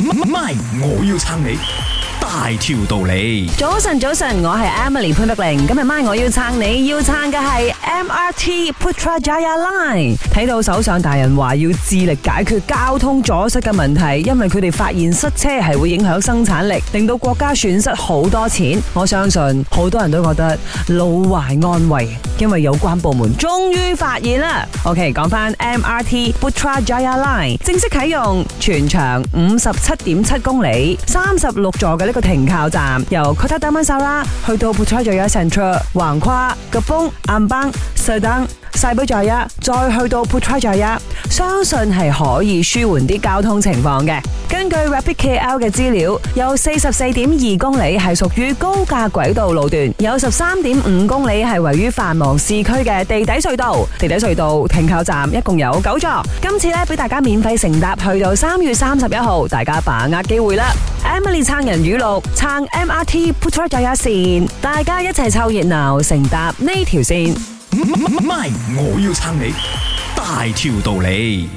唔咪，我要撐你大條道理。早晨，早晨，我係 Emily 潘碧玲。今日咪我要撐你，要撐嘅係 MRT Putrajaya Line。睇到首相大人話要致力解決交通阻塞嘅問題，因為佢哋發現塞車係會影響生產力，令到國家損失好多錢。我相信好多人都覺得老懷安慰。因為有關部門終於發現啦，OK，講翻 MRT Putrajaya Line 正式啟用，全長五十七點七公里，三十六座嘅呢個停靠站，由 Kota Damansara 去到 Putrajaya Central，橫跨吉邦、暗班、世丹、世杯在一，再去到 Putrajaya，相信係可以舒緩啲交通情況嘅。根據 Rapid KL 嘅資料，有四十四點二公里係屬於高架軌道路段，有十三點五公里係位於繁忙市區嘅地底隧道。地底隧道停靠站一共有九座。今次咧，俾大家免費乘搭，去到三月三十一號，大家把握機會啦！Emily 撐人語錄，撐 MRT Putrajaya 線，大家一齊湊熱鬧，乘搭呢條線，唔係我要撐你，大條道理。